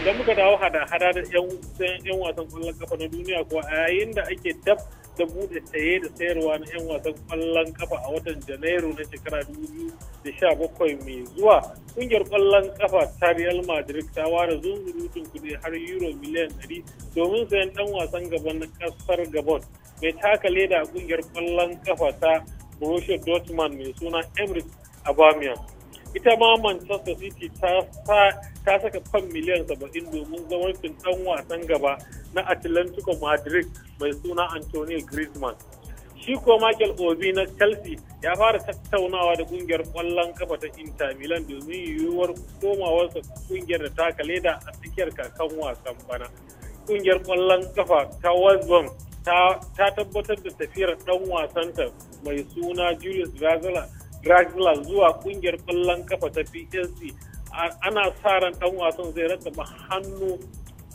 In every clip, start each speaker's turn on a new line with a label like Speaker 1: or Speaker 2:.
Speaker 1: idan muka dawo hada-hada da 'yan wasan kwallon kafa na duniya kuwa a yayin da ake dab da bude saye da sayarwa na 'yan wasan kwallon kafa a watan janairu na shekara 2017 mai zuwa kungiyar kwallon kafa ta real madrid ta ware zunzurutun kudi har euro miliyan 100 domin sayan dan wasan gaban na kasar gabon mai taka leda a kungiyar kwallon kafa ta borussia dortmund mai suna emirates abamian ita ma manchester city ta saka fan miliyan saba'in domin zawarcin dan wasan gaba na atlantico madrid mai suna antonio griezmann shi ko michael obi na chelsea ya fara tattaunawa da kungiyar kwallon kafa ta inter milan domin yiwuwar komawarsa kungiyar da taka da a tsakiyar kakan wasan bana kungiyar kwallon kafa ta Wazbom ta tabbatar da tafiyar dan wasanta mai suna julius Vazela Dragula zuwa kungiyar kwallon kafa ta PSG ana sa ran ɗan wasan zai rasa hannu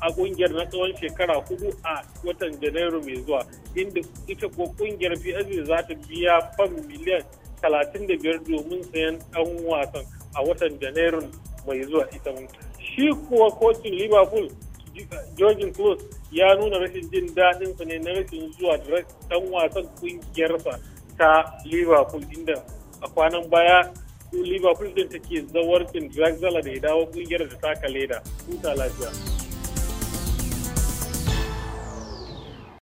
Speaker 1: a kungiyar na tsawon shekara hudu a watan janairu mai zuwa inda ita ko kungiyar PSG za ta biya fam miliyan 35 domin sayan dan wasan a watan janairu mai zuwa ita shi kuwa kocin liverpool Georgian Klos, ya nuna rashin jin daɗinsa ne na rashin zuwa dan wasan kungiyarsa ta Liverpool inda a kwanan baya liverpool din take zawarcin dragzala da ya dawo kungiyar da taka leda huta lafiya